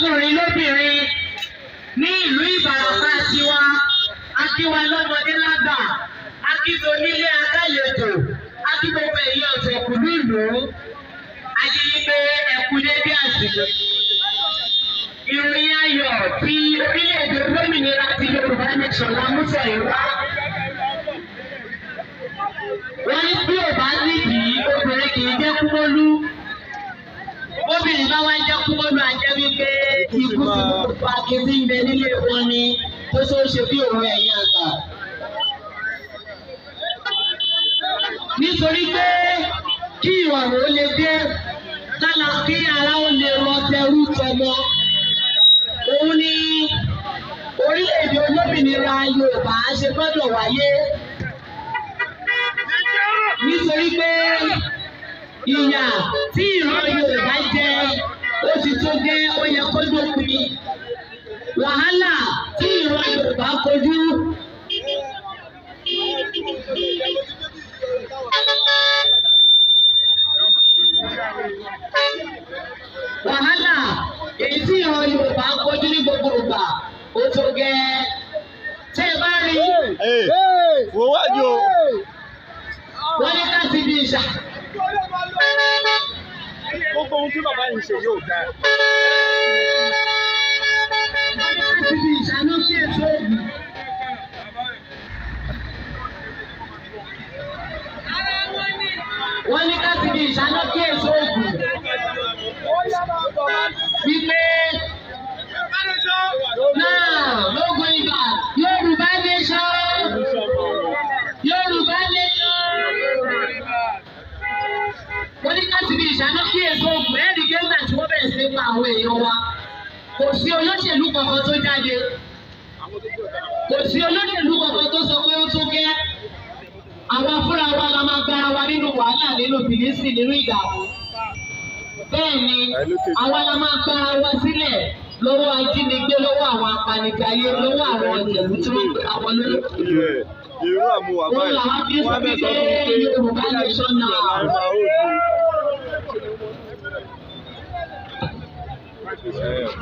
lọ́kùnrin lóbìnrin ní ìlú Ìbàràpá tiwa akíwa lọ́mọdé lágbà akíso nílé akáyètò akígbogbo èyí ọ̀sẹ̀ kù nílùú ayẹyẹ ẹ̀kú dédé àsìkò. Ìròyìn ayọ̀ ti orílẹ̀-èdè gómìnira ti Yorùbá nation la mú sẹ́yìn wá. Wọ́n ní bí ò bá nídìí obìnrin kì í jẹ́ kúmọ́lú. Bóbìnrin bá wá jẹ́ kú bọ́dọ̀ àjẹ́ wípé ikú ti kú pa kìí ń bẹ nílé wọn ni tó ṣe ó ṣe bí òun ẹ̀yìn àgbà. Nítorí pé kí ìrọ̀rùn ó lè dé kálá kí ara ó lè rọ tẹrú tọmọ. Òun ni orílẹ̀-èdè olómìnira Yorùbá ṣe gbọ́dọ̀ wáyé. Nítorí pé ìyà tí ìran Yorùbá jẹ ó ti tó gẹ́ ó yẹ kó dópin wàhálà tí ìran Yorùbá kojú tí bàbá yìí ṣe yóò dáa. Ibi ìṣáná kí èso òògùn. Wọ́n ní ká ti di ìṣáná kí èso òògùn. Wípé náà lógun. ẹ̀rí gẹ́gbà tí wọ́n bẹ̀rẹ̀ sí pa àwọn èèyàn wa kò sí olóṣèlú kankan tó jáde kò sí olóṣèlú kankan tó sọ pé ó tó gẹ́ àwọn afúnra wa la máa gbára wa nínú wàhálà nínú bìlísì nínú ìdààmú bẹ́ẹ̀ ni àwa la máa gbára wa sílẹ̀ lọ́wọ́ ajínigbé lọ́wọ́ àwọn apanijayé lọ́wọ́ àwọn ọ̀jẹ̀lú tí wọ́n gbé àwọn lórí. wọ́n làwọn fi sọ pé Yorùbá nation náà.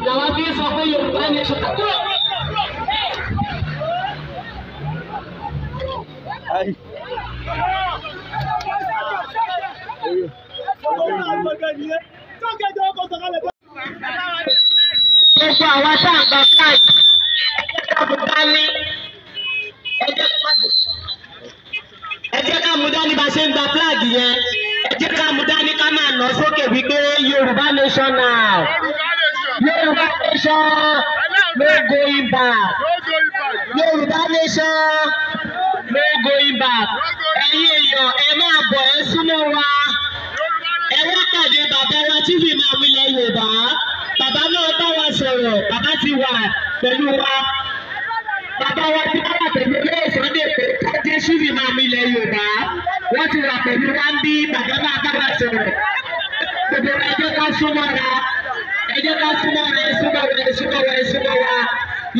làwọn fi sọ pé Yorùbá ní ṣùgbọ́n kúrò. Gbogbo àwọn tá à ń gba flag ẹjẹ́ ká mú dání ẹjẹ́ ká mú dání bá ṣe ń gba flag yẹn ẹjẹ́ ká mú dání ká máa nà sókè wípé Yorùbá nation now. Yorùbá nation no going back Yorùbá nation no going back ẹ̀yin èèyàn ẹ máa bọ̀ ẹ súnmọ́ wa ẹ wá pàdé bàbá wa tí fi máa wílẹ̀ Yorùbá bàbá náà bá wa sọ̀rọ̀ bàbá ti wà pẹ̀lú wa bàbá wa ti bára pẹ̀lú ilé ìsọdẹ pé kájé ṣúlì máa mi ilẹ̀ Yorùbá wọ́n ti wà pẹ̀lú wa ń bí bàbá máa bára sọ̀rọ̀ gbogbo ẹjọ́ ká súnmọ́ra jẹ́ ká súnmọ́ wa ẹ súnmọ́ wa ẹ súnmọ́ wa ẹ súnmọ́ wa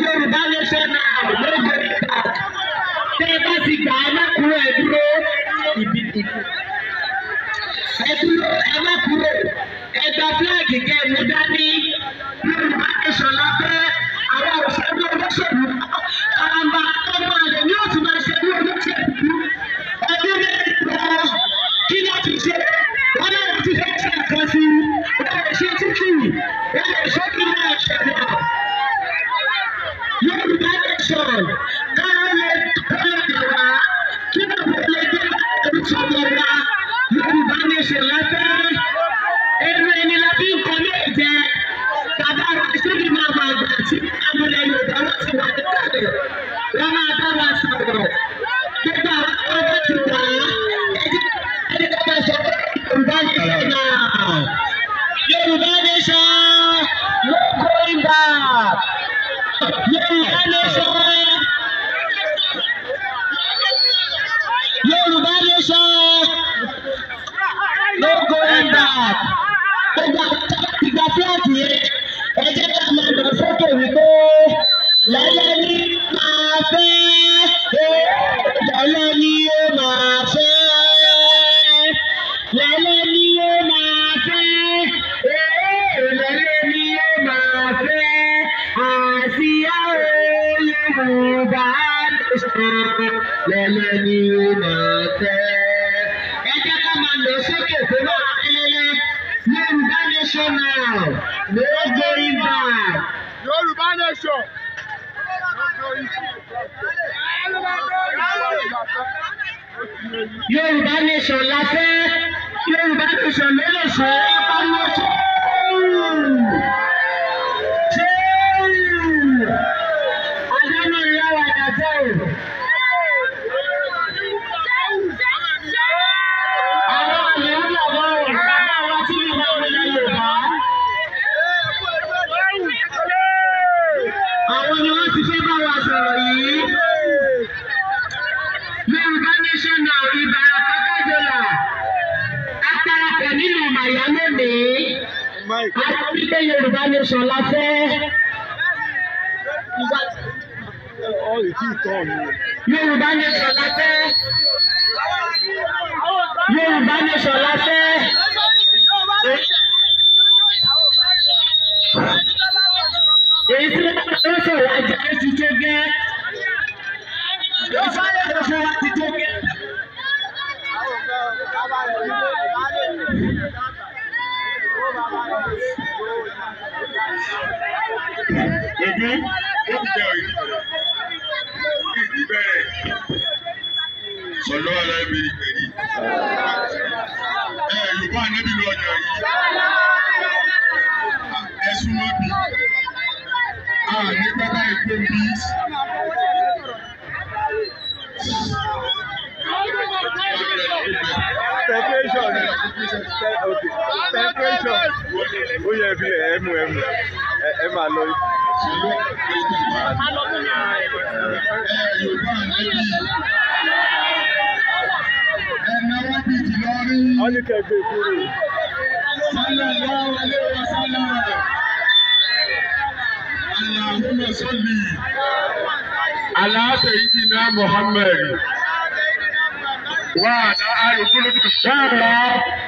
Yorùbá nation now no going back tẹ́ ẹ bá ti gbà á má kúrò ẹ dúró ibi ìlú ẹ dúró ẹ má kúrò ẹ gba acción. ẹlẹ́ni ò Yorùbá nation now no going nation. Yorùbá nation la fẹ́ Yorùbá nation ló lè ṣe é pariwo ara wípé Yorùbá nation la fẹ́. Yorùbá nation la fẹ́. Yorùbá nation la fẹ́. ànábì lọ yàn yìí ah, ẹ̀sùn wọn bí a ah, ní pápá ìpè bí. ó yẹ fi ẹ mú ẹ mú ẹ máa lọ. Yorùbá ànábì. wọ́n ní kẹgbẹ́ kúrò. sallallahu alaihi wa sallam allahumma salli ala sayyidina muhammad wa ala alihi wa sahbihi sábà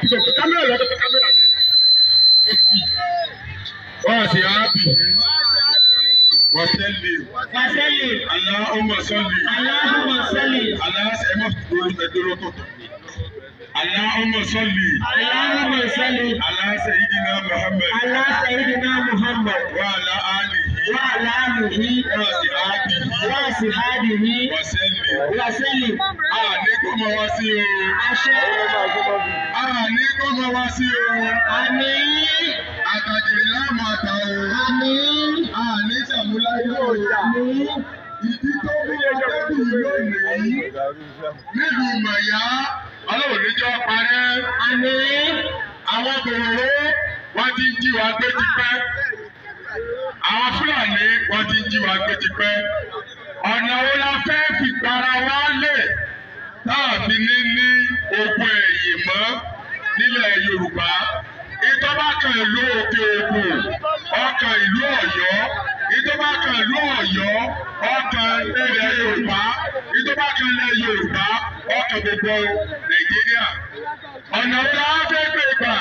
tó fi kámẹ́rà lọ́dọ̀ tó kámẹ́rà lẹ́yìn. wọ́n ti á bì í. وسلم وسلم اللهم صل اللهم صل على سيدنا محمد Allahumma salli. Allahumma salli. Ala sayyidina Muhammad. Ala sayyidina Muhammad. Wa ala alihi. Wa ala alihi. Wa sihadihi. Wa sihadihi. Wa salli. Wa salli. A ní kó máa wá sí o. Aṣẹ́. A ní kó máa wá sí o. Àmì. Àtàjìrì láàmú àtà o. Àmì. A ní sàmúláyé Ìdí tó mú ọjọ́ bí lónìí. Nílùú Màyá ọlọ́run níjọ́ parẹ́. àmì àwọn gbòòrò wọ́n ti ń jí wa gbé tipẹ́. àwọn fúlàní wọ́n ti ń jí wa gbé tipẹ́. ọ̀nà wo la fẹ́ fi gbára wa lẹ̀ táàbí ní ní ogun ẹ̀yìn mọ́ nílẹ̀ Yorùbá ìtọ́ba kan ìlú òkè òkun ọkàn ìlú Ọ̀yọ́ ìtọ́ba kan ìlú Ọ̀yọ́ ọkàn ilẹ̀ Yorùbá ìtọ́ba kan ilẹ̀ Yorùbá ọkọ̀ gbogbo Nàìjíríà ọ̀nà tá a fẹ́ gbé gbà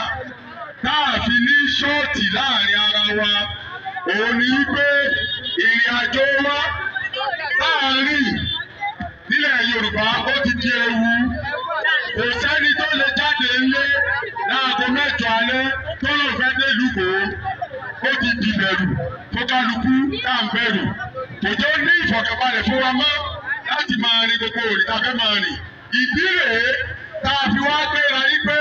tá a fi ní ṣọ́ọ̀tì láàrin ara wa òun ni wípé ìrìn àjò wa láàrin nílẹ̀ Yorùbá ó ti di ewu kò sẹ́ni tó lè jáde ńlé láago mẹ́jọ alẹ́ tó lọ fẹ́ dé lùkọ́ ó ti dìbẹ̀rù tó kálukú tá à ń bẹ̀rù kò jẹ́ ó ní ìfọ̀kànbalẹ̀ fún wa mọ́ láti máa rìn gbogbo òrìta fẹ́ máa rìn ìdí rèé tá a fi wá gbéra yí pé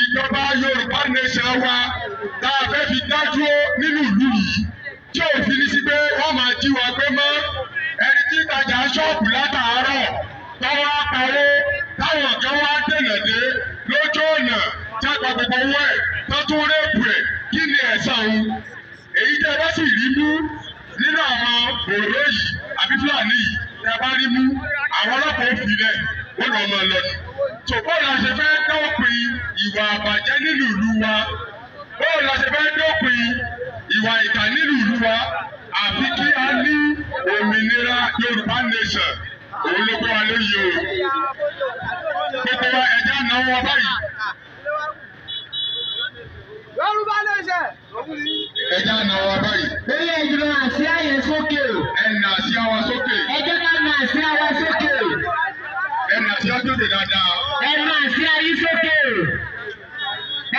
ìjọba Yorùbá nation wa tá a fẹ́ fi dájú nínú ìlú yìí tí ò fi ní sí pé wọ́n máa jí wa gbé mọ́ ẹni tí ìtajà ṣọ́ọ̀bù látàárọ̀ tọ́wọ́ apáwó táwọn kan wá dènà dé lójú ọ̀nà tí a gba gbogbo owó ẹ̀ tó tún rẹ́pù ẹ̀ kí ni ẹ̀san òun èyí tẹ́ bá sì rí mú nínú àwọn òró yìí àbí Fúlàní yìí tẹ́ bá rí mú àwọn ọlọ́pàá ò fi lẹ̀ ó lọ́ máa lọ ni. tó bóòlù la ṣe fẹ́ dópin ìwà àbàjẹ́ nílùú ìlú wa bóòlù la ṣe fẹ́ dópin ìwà ìkà nílùú ìlú wa àfi kí a ní òmìnira Yorùbá nation òun ló gbé wa lóye o gbogbo wa ẹja náà wọ báyìí. Yorùbá nation. ẹja náà wọ báyìí. lórí ẹ̀jẹ̀ àṣìá yẹn sókè o. ẹ̀ nà àṣìá wa sókè. ẹjẹ́ ká nà àṣìá wa sókè o jòdè dáadáa. ẹ máa ṣe ayé sókè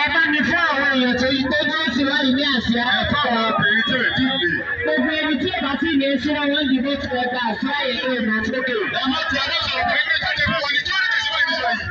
ẹ bá mi fún àwọn èèyàn tó yí pé wọ́n ti wáyé ní àsíá. ẹ fún àwọn obìnrin tí ò tí ì lè. gbogbo ẹni tí èèyàn ti lè ṣe wọn wọn dìbò tí wọn gba àsíá yìí ẹ máa sókè. ẹ má ti aláṣọ ọ̀gbìn ní kájẹ́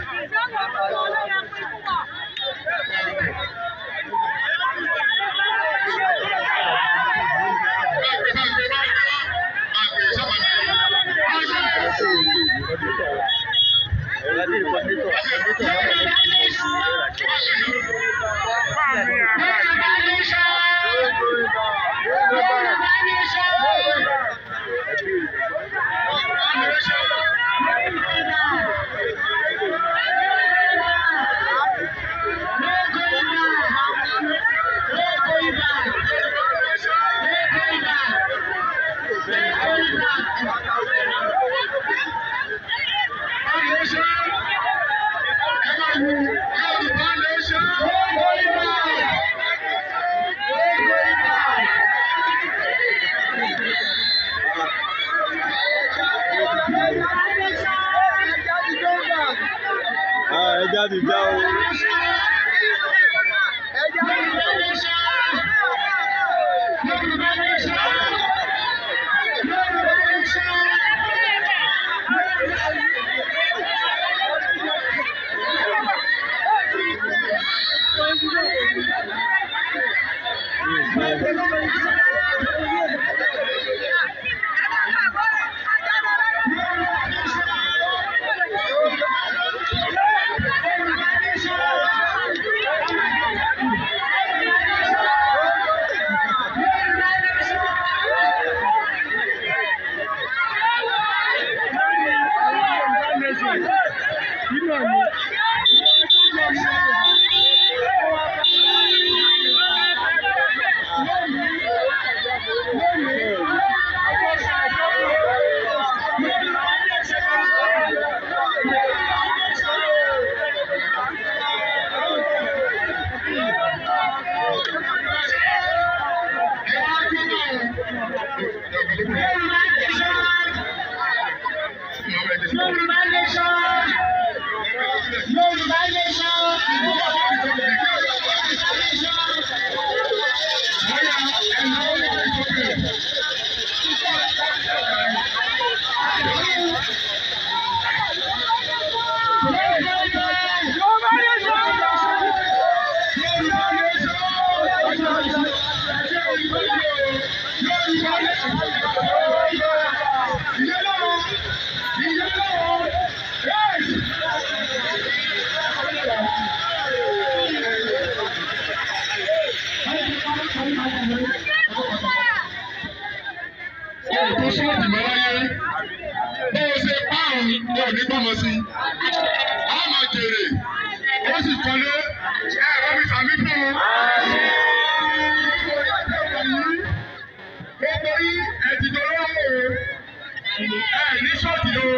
ní ṣọ́ọ̀tì o.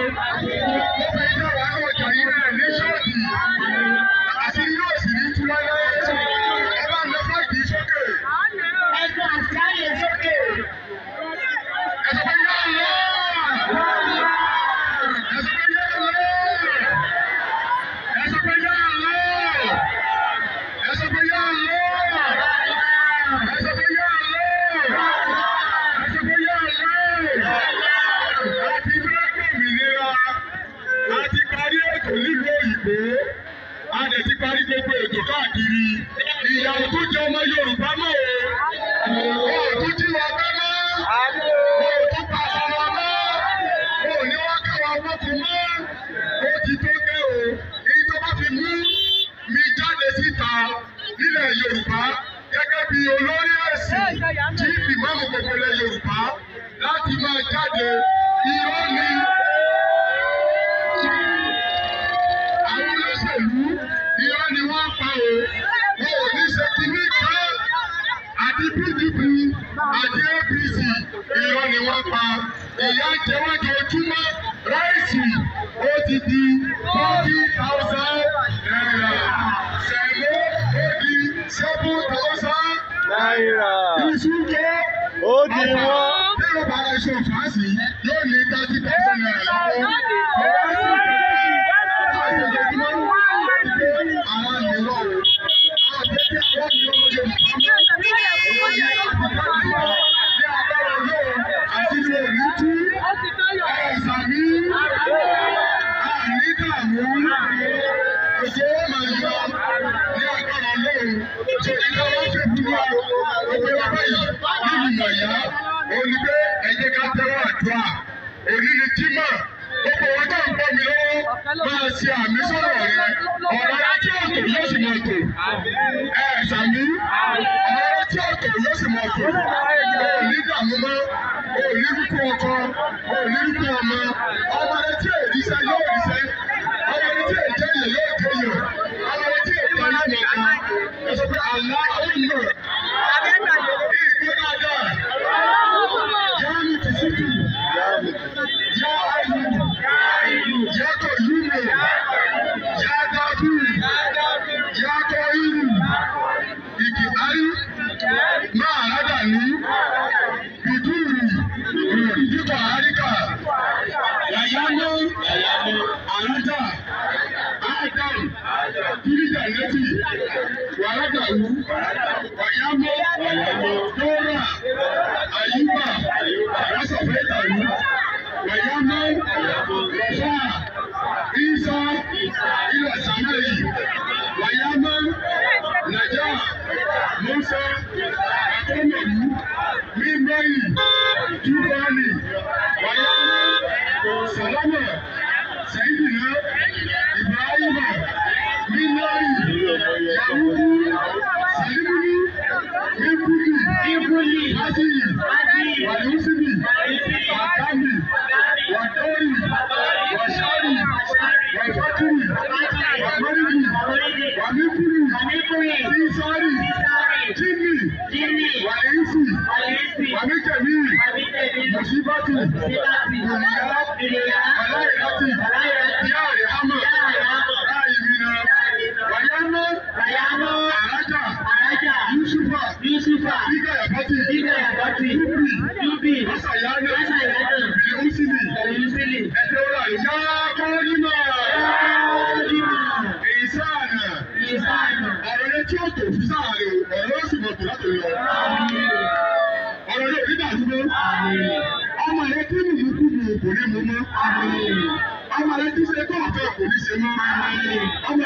ilẹ̀ Yorùbá gẹ́gẹ́ bí olórí ẹ̀sìn tí ìmáàmù gbogbo ilẹ̀ Yorùbá láti máa jáde irọ́ ni àwọn olóṣèlú irọ́ ni wọ́n pa o wọn ò ní ṣe kínní kan àti PDP àti APC irọ́ ni wọ́n pa ìyá jẹ wọ́n ojúmọ́ ráìsì ó ti di forty thousand naira sẹ́kù ó di wọ́n. bí o bá lọ ṣe òfin àṣìyí yóò ní thirty thousand naira lọ́wọ́. yìí olùgbé ẹ jẹ́ ká tẹ́wọ́ àdúrà òní ni jímọ̀ gbogbo wọn tó ń bọ̀ mí lọ́wọ́ máa ṣe àmì sọ̀rọ̀ rẹ ọ̀rọ̀ tí ó tò yóò sì mọ̀ tò ẹ sàmí ọ̀rọ̀ tí ó yóò sì mọ̀ tò òní dààmú mọ́ ọkọ òní ọmọ. Hallelujah. Mm. Thank you.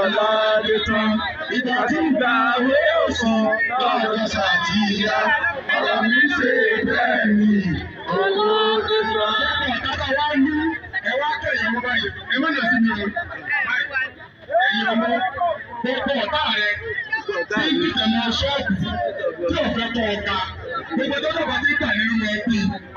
ọ̀làdẹ̀tàn ìgbà tí ìgbà wé òsàn lọ́dọ̀ ṣàtìyá ọ̀rọ̀ mi ṣe bẹ́ẹ̀ ni ọ̀làdẹ̀tàn. ẹ̀ka wáyé ẹ wá kẹ̀yìn ọmọ báyìí ẹ má lọ sí mi o ẹ̀yin ọmọ gbogbo ọ̀tá rẹ tí ń dìtẹ̀ mọ ṣọ́ọ̀bù tí ò fẹ́ kọ́ ọ̀ka gbogbo tó dọ̀bà ti gbà nínú ẹgbẹ́ yìí.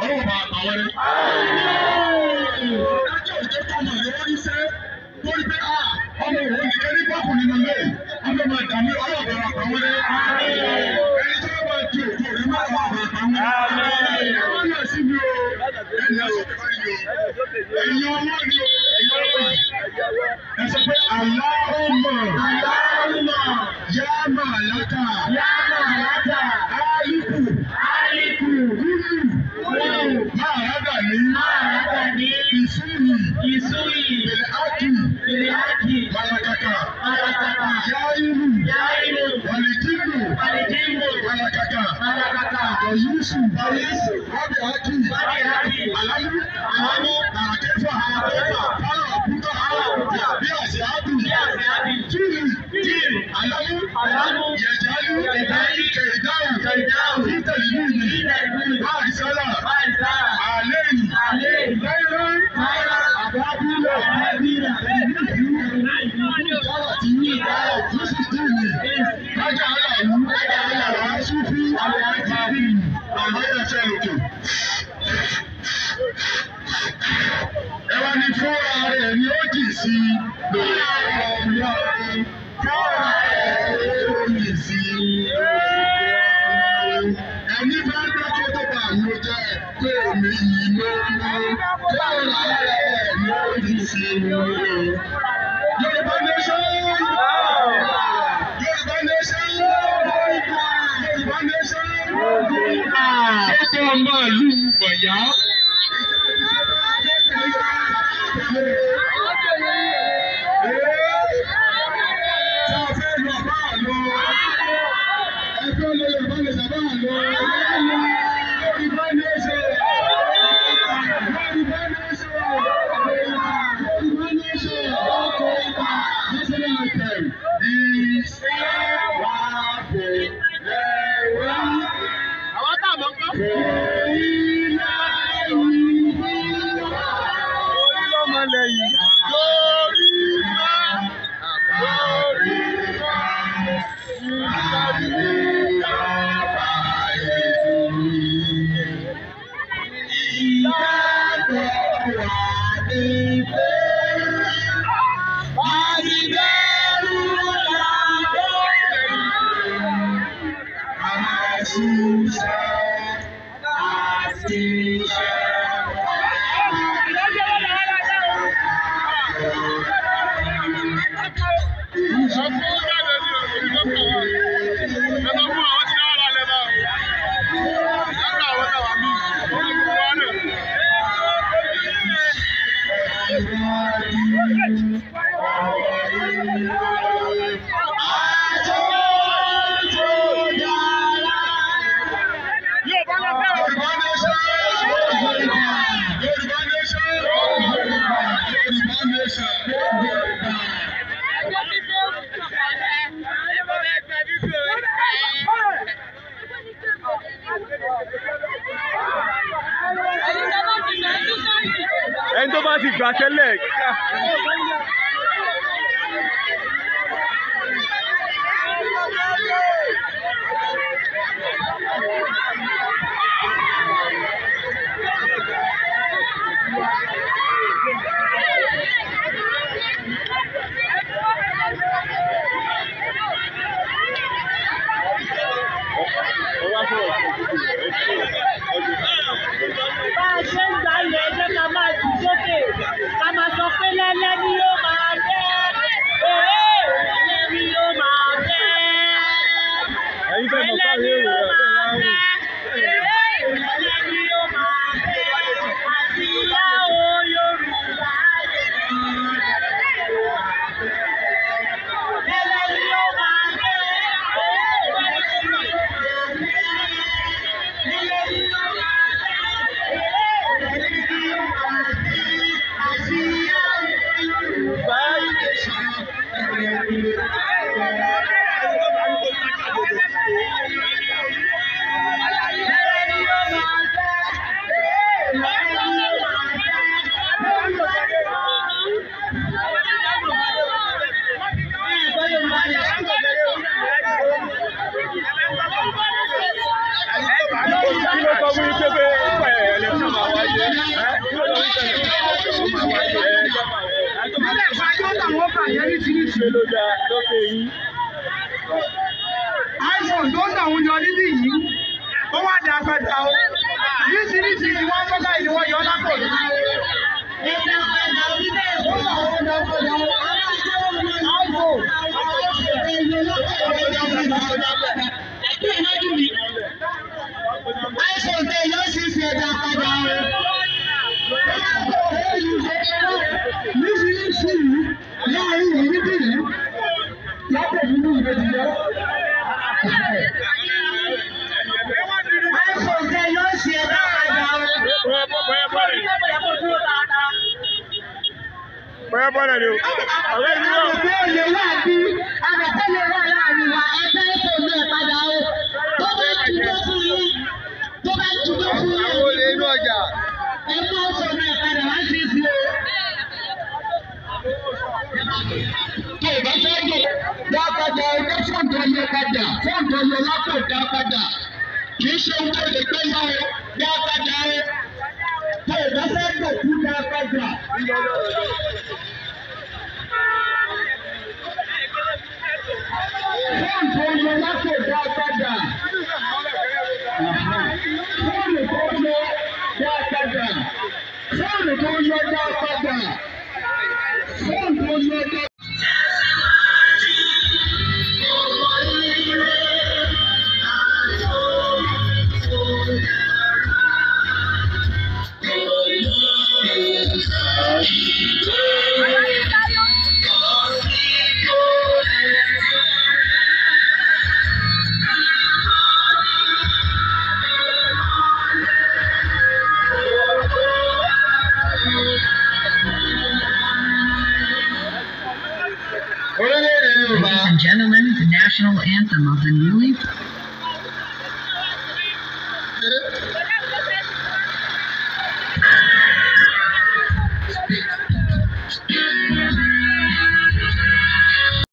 Ẹni bá dákọ́ tó bá mi jẹ́ pé mi yìí ló ń mú tó lára ẹ̀ lórí sí mi. Yorùbá nation Yorùbá nation Yorùbá nation Yorùbá nation. Ó tó ọmọ ìlú Mọ̀yá. Amen. Thank you. got your leg. gbé lókè yìí. iphone tó ń tàwọn yọ níbí yìí ó wà ní apẹta o. Àìsòkè yóò ṣe dáadáa. Bọ́yá bọ́lá ni o. Ọ̀rẹ́ mi yóò. Àgbẹ̀ òye wà bí àgbẹ̀tẹ́lẹ̀ wà láàrin wa ẹgbẹ́ ètò ilé ìpadà o. Tó bá dúró fún yín. Tó bá dúró fún yín. Àwọn olè inú ọjà. Ẹ mú ọ̀sán náà padà wá sí ìfún Tó o bá fẹ́ dùn, wọ́n ẹgbẹ́ fún ìdánilẹ́padà kóńgò yọ lápò dá padà kì í ṣe ohun tó lè gbé yá o dá padà o tó o bá fẹ́ gbòkú dá padà. Kóńgò yọ lápò dá padà fóònù tó yọ dá padà fóònù tó yọ dá padà.